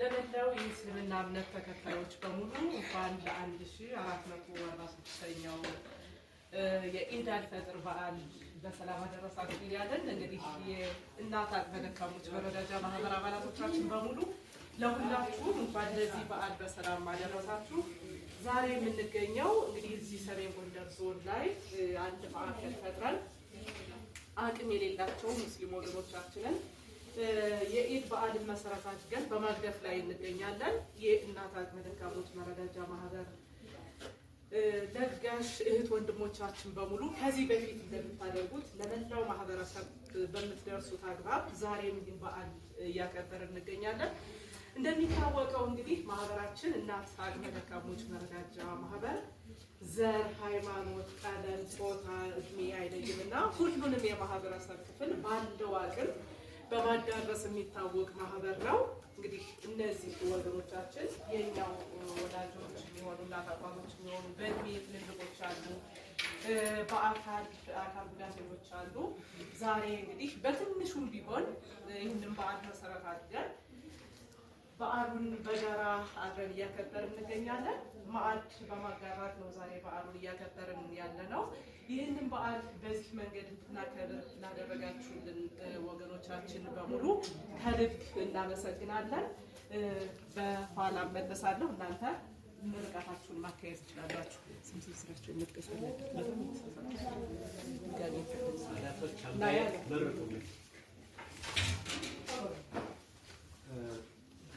ለመላው የእስልምና እምነት ተከታዮች በሙሉ እንኳን ለአንድ ሺ አራት መቶ አርባ ስድስተኛው የኢድ አልፈጥር በዓል በሰላም አደረሳችሁ እያለን እንግዲህ የእናት አቅመ ደካሞች መረዳጃ ማህበር አባላቶቻችን በሙሉ ለሁላችሁም እንኳን ለዚህ በዓል በሰላም አደረሳችሁ። ዛሬ የምንገኘው እንግዲህ እዚህ ሰሜን ጎንደር ዞን ላይ አንድ ማዕከል ፈጥረን አቅም የሌላቸው ሙስሊም ወገኖቻችንን የኢድ በዓልን መሰረት አድርገን በመርገፍ ላይ እንገኛለን። የእናት አቅመ ደካሞች መረዳጃ ማህበር ለጋሽ እህት ወንድሞቻችን በሙሉ ከዚህ በፊት እንደምታደርጉት ለመላው ማህበረሰብ በምትደርሱት አግባብ ዛሬም ይህን በዓል እያከበርን እንገኛለን። እንደሚታወቀው እንግዲህ ማህበራችን እናት አቅመ ደካሞች መረዳጃ ማህበር ዘር፣ ሃይማኖት፣ ቀለም፣ ጾታ፣ እድሜ አይለይም እና ሁሉንም የማህበረሰብ ክፍል ባለው አቅም በማዳረስ የሚታወቅ ማህበር ነው። እንግዲህ እነዚህ ወገኖቻችን የኛው ወዳጆች የሚሆኑ እናት አባቶች የሚሆኑ በእድሜ ትልልቆች አሉ፣ በአካል አካል ጉዳተኞች አሉ። ዛሬ እንግዲህ በትንሹም ቢሆን ይህንን በዓል መሰረት አድርገን በዓሉን በጋራ አብረን እያከበርን እንገኛለን። ማዕድ በማጋራት ነው ዛሬ በዓሉን እያከበርን ያለ ነው። ይህንን በዓል በዚህ መንገድ እንድናከብር ላደረጋችሁልን ወገኖቻችን በሙሉ ከልብ እናመሰግናለን። በኋላ መለሳለሁ። እናንተ ምርቃታችሁን ማካሄድ ትችላላችሁ። ስምስራቸው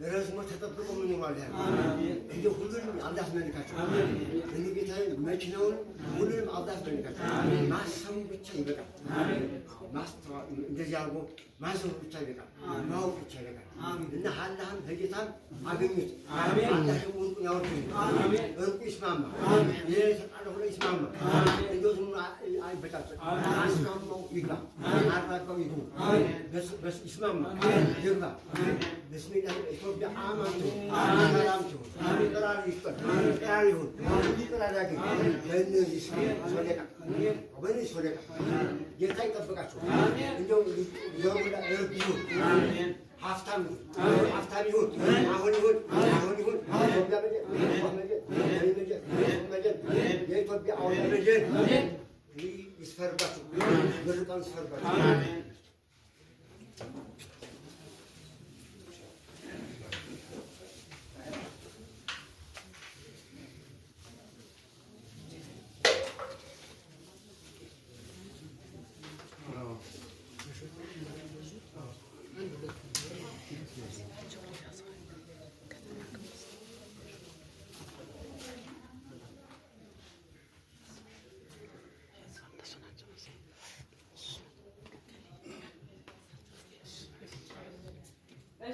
ረዝሞ ተጠብቆ ምን ይሆናል? እንደ ሁሉንም አላህ አስመልካቸው። እኔ ቤታዬን፣ መኪናውን፣ ሁሉንም አላህ አስመልካቸው። ማሰሙ ብቻ ይበቃል። ማስተዋ እንደዚህ አድርጎ ማሰሩ ብቻ ይበቃል፣ ማወቅ ብቻ ይበቃል። እና አላህም በጌታም አገኙት። አላህ ደግሞ እርቁን ያወርድልን፣ እርቁ ይስማማ፣ ይህ የተጣለ ሆነ ይስማማ። እንደው ዝም አይበጫጭም፣ አስማማው ይግባ፣ አራጋው ይግቡ፣ ይስማማ፣ ይግባ። በስሜ ኢትዮጵያ አማን ትሁን፣ ሰላም ትሁን፣ ቅራር ይፈጠር፣ ቅራር ይሁን፣ እንዲህ ቅራር ያገኝ በእነዚህ ስሜ ሰደቃ ወገኖች ወደ ጌታ ይጠብቃቸው። እንደው ይሁን ሀብታም ይሁን ሀብታም ይሁን አሁን ይሁን አሁን ይሁን የኢትዮጵያ አሁን መጀን ይስፈርባቸው፣ ምርቃን ይስፈርባቸው።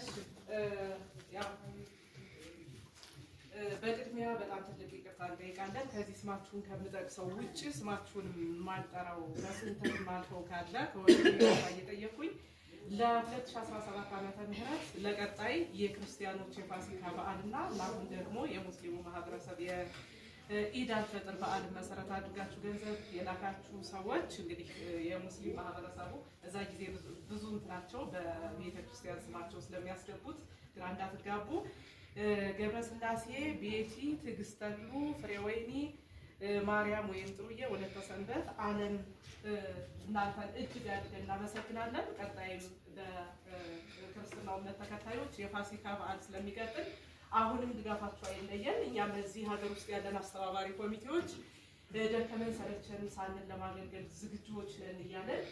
እሺ ያው በቅድሚያ በጣም ትልቅ ይቅርታ እንጠይቃለን። ከዚህ ስማችሁን ከምጠቅሰው ውጭ ስማችሁን የማልጠራው በስንት ማልፈው ካለ እየጠየኩኝ ለ2017 ዓመተ ምህረት ለቀጣይ የክርስቲያኖች የፋሲካ በዓልና አሁን ደግሞ የሙስሊሙ ማህበረሰብ ኢድ አልፈጥር በዓልን መሰረት አድርጋችሁ ገንዘብ የላካችሁ ሰዎች እንግዲህ የሙስሊም ማህበረሰቡ እዛ ጊዜ ብዙ እንትናቸው በቤተክርስቲያን ስማቸው ስለሚያስገቡት ግራ እንዳትጋቡ። ገብረስላሴ፣ ቤቲ፣ ትዕግስተሉ፣ ፍሬወይኒ፣ ማርያም ወይም ጥሩዬ፣ ወለተ ሰንበት፣ አለም እናንተን እጅግ አድርገን እናመሰግናለን። ቀጣይም በክርስትናው እምነት ተከታዮች የፋሲካ በዓል ስለሚቀጥል አሁንም ድጋፋቸው አይለየን። እኛ በዚህ ሀገር ውስጥ ያለን አስተባባሪ ኮሚቴዎች ደከመን ሰለቸን ሳንን ለማገልገል ዝግጁዎች ነን እያለን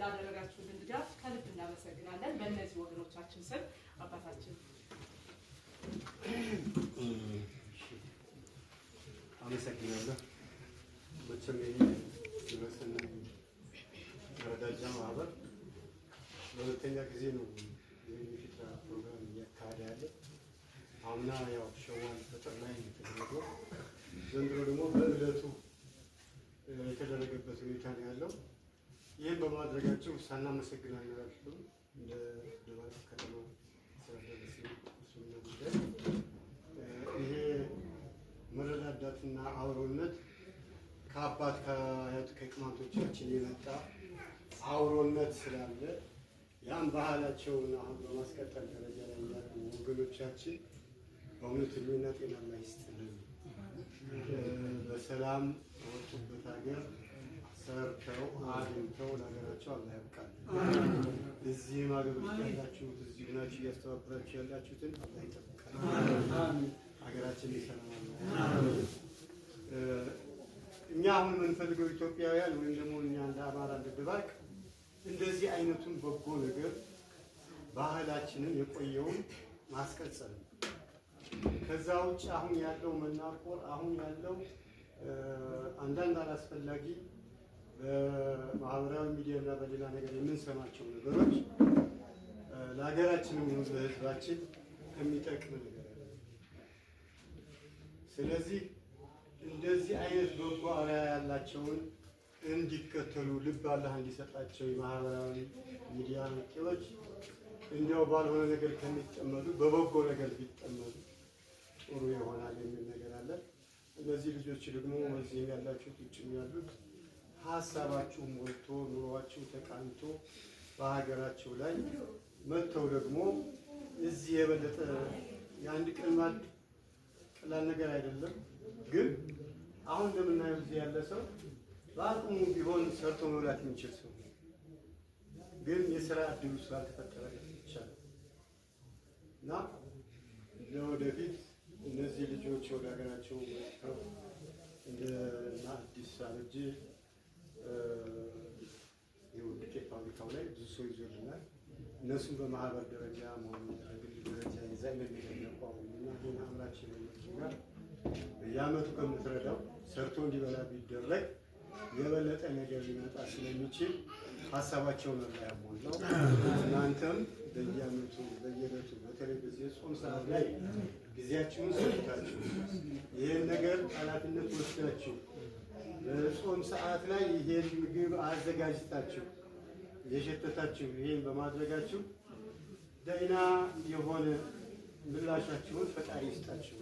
ላደረጋችሁልን ድጋፍ ከልብ እናመሰግናለን። በእነዚህ ወገኖቻችን ስም አባታችን አመሰግናለሁ። መቼም ይመስል መረዳጃ ማህበር ለሁለተኛ ጊዜ ነው አምና ያው ሸዋል በጥር ላይ ዘንድሮ ደግሞ በእለቱ የተደረገበት ሁኔታ ነው ያለው። ይህን በማድረጋቸው ሳናመሰግን አናልፍም። እንደ ደባርቅ ከተማ ስለደረስ እሱና ጉዳይ ይሄ መረዳዳትና አብሮነት ከአባት ከአያት ከቅማንቶቻችን የመጣ አብሮነት ስላለ ያም ባህላቸውን አሁን በማስቀጠል ደረጃ ላይ ያሉ ወገኖቻችን በእውነት ህልና ጤናማ ይስጥልን። በሰላም በወጡበት ሀገር ሰርተው አግኝተው ለሀገራቸው አላህ ያብቃልን። እዚህም ሀገር ያላችሁት እዚህ ሁናችሁ እያስተባበራችሁ ያላችሁትን አላህ ይጠብቃል። ሀገራችን ይሰላም እኛ አሁን የምንፈልገው ኢትዮጵያውያን ወይም ደግሞ እኛ እንደ አማራ እንድባቅ እንደዚህ አይነቱን በጎ ነገር ባህላችንን የቆየውን ማስቀጸል ነው። ከዛ ውጭ አሁን ያለው መናቆር አሁን ያለው አንዳንድ አላስፈላጊ በማህበራዊ ሚዲያ እና በሌላ ነገር የምንሰማቸው ነገሮች ለሀገራችንም ሆነ ለሕዝባችን ከሚጠቅም ነገር ስለዚህ እንደዚህ አይነት በጎ አርአያ ያላቸውን እንዲከተሉ ልብ አላህ እንዲሰጣቸው የማህበራዊ ሚዲያ ምርጫዎች እንዲያው ባልሆነ ነገር ከሚጠመዱ በበጎ ነገር ቢጠመዱ ጥሩ ይሆናል የሚል ነገር አለ። እነዚህ ልጆች ደግሞ እዚህም ያላችሁት ውጭም ያሉት ሀሳባችሁ ሞልቶ ኑሯችሁ ተቃንቶ በሀገራቸው ላይ መጥተው ደግሞ እዚህ የበለጠ የአንድ ቀን ማድ ቀላል ነገር አይደለም። ግን አሁን እንደምናየው እዚህ ያለ ሰው በአቅሙ ቢሆን ሰርቶ መብላት የሚችል ሰው ግን የስራ እድሉ ስላልተፈጠረ ይቻላል እና ለወደፊት እነዚህ ልጆች ወደ ሀገራቸው መጥተው እንደና አዲስ አበጅ ዱቄት ፋብሪካው ላይ ብዙ ሰው ይዞልናል። እነሱም በማህበር ደረጃ መሆኑ በግል ደረጃ ይዛ ለሚደነቋና አምላች ጋ የአመቱ ከምትረዳው ሰርቶ እንዲበላ ቢደረግ የበለጠ ነገር ሊመጣ ስለሚችል ሀሳባቸውን ያሟላው እናንተም በየዓመቱ በየዕለቱ በተለይ በዚህ የጾም ሰዓት ላይ ጊዜያችሁን ሰጥታችሁ ይህን ነገር ኃላፊነት ወስዳችሁ በጾም ሰዓት ላይ ይሄን ምግብ አዘጋጅታችሁ የሸተታችሁ ይህን በማድረጋችሁ ደህና የሆነ ምላሻችሁን ፈጣሪ ይስጣችሁ።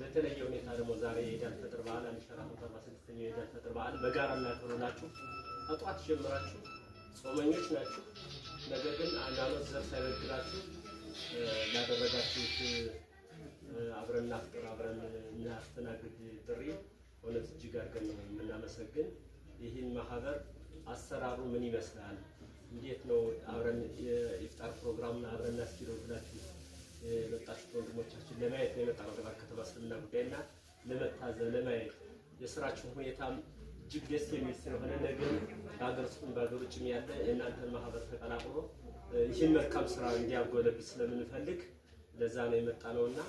በተለየ ሁኔታ ደግሞ ዛሬ የኢዳል ፈጥር በዓል አንድ ሺህ አራት መቶ አርባ ስድስተኛው የኢዳል ፈጥር በዓል በጋራ እናከብራላችሁ። ከጧት ጀምራችሁ ጾመኞች ናችሁ። ነገር ግን አንድ አመት ዘር ሳይበግራችሁ ላደረጋችሁት አብረን እናፍጥር አብረን እናስተናግድ ጥሪ እውነት እጅግ አድርገን ነው የምናመሰግን። ይህን ማህበር አሰራሩ ምን ይመስላል? እንዴት ነው አብረን የኢፍጣር ፕሮግራሙን አብረን እናስኪደው ብላችሁ የመጣችሁ ወንድሞቻችን ለማየት ነው የመጣነው። ደባር ከተማ እስልምና ጉዳይና ለመታዘብ ለማየት የስራችሁን ሁኔታም እጅግ ደስ የሚል ስለሆነ ነገ በሀገር ውስጥም በሀገር ውጭም ያለ የእናንተን ማህበር ተቀላቅሎ ይህን መልካም ስራ እንዲያጎለብት ስለምንፈልግ ለዛ ነው የመጣ ነው እና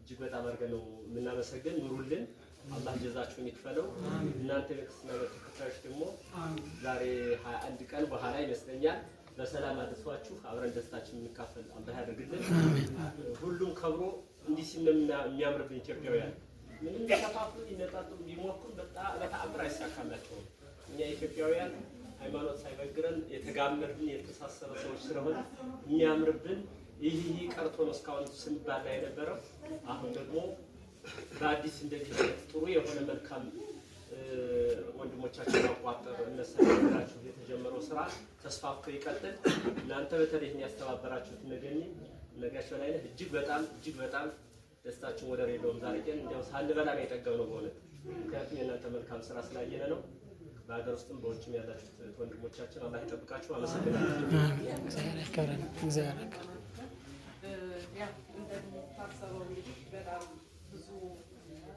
እጅግ በጣም አድርገን ነው የምናመሰግን። ኑሩልን፣ አላህ ጀዛችሁን ይክፈለው። እናንተ ቤተክርስቲያን ተከታዮች ደግሞ ዛሬ ሀያ አንድ ቀን በኋላ ይመስለኛል በሰላም አድርሷችሁ አብረን ደስታችን የምንካፈል አላህ ያደርግልን። ሁሉም ከብሮ እንዲህ ሲነምና የሚያምርብን ኢትዮጵያውያን ምንም ተከፋፍሉ ሊነጣጥሉ ቢሞክሩ በተአምር አይሳካላቸውም። እኛ ኢትዮጵያውያን ሃይማኖት ሳይበግረን የተጋመድን የተሳሰረ ሰዎች ስለሆነ የሚያምርብን ይህ ይህ ቀርቶ ነው እስካሁን ስንባላ የነበረው። አሁን ደግሞ በአዲስ እንደዚህ ጥሩ የሆነ መልካም ወንድሞቻችን ማቋጠር እነሱ የተጀመረው ስራ ተስፋፍቶ ይቀጥል። እናንተ በተለይ የሚያስተባበራችሁት ነገኝ ነጋቸው ላይ እጅግ በጣም እጅግ በጣም ደስታችን ወደር የለውም። ዛሬ ቀን እንዲያው ሳንበላ ነው የጠገብነው በእውነት ምክንያቱም የእናንተ መልካም ስራ ስላየነ ነው። በሀገር ውስጥም በውጭም ያላችሁት ወንድሞቻችን አላህ ይጠብቃችሁ። አመሰግናለሁ። እግዚአብሔር እግዚአብሔር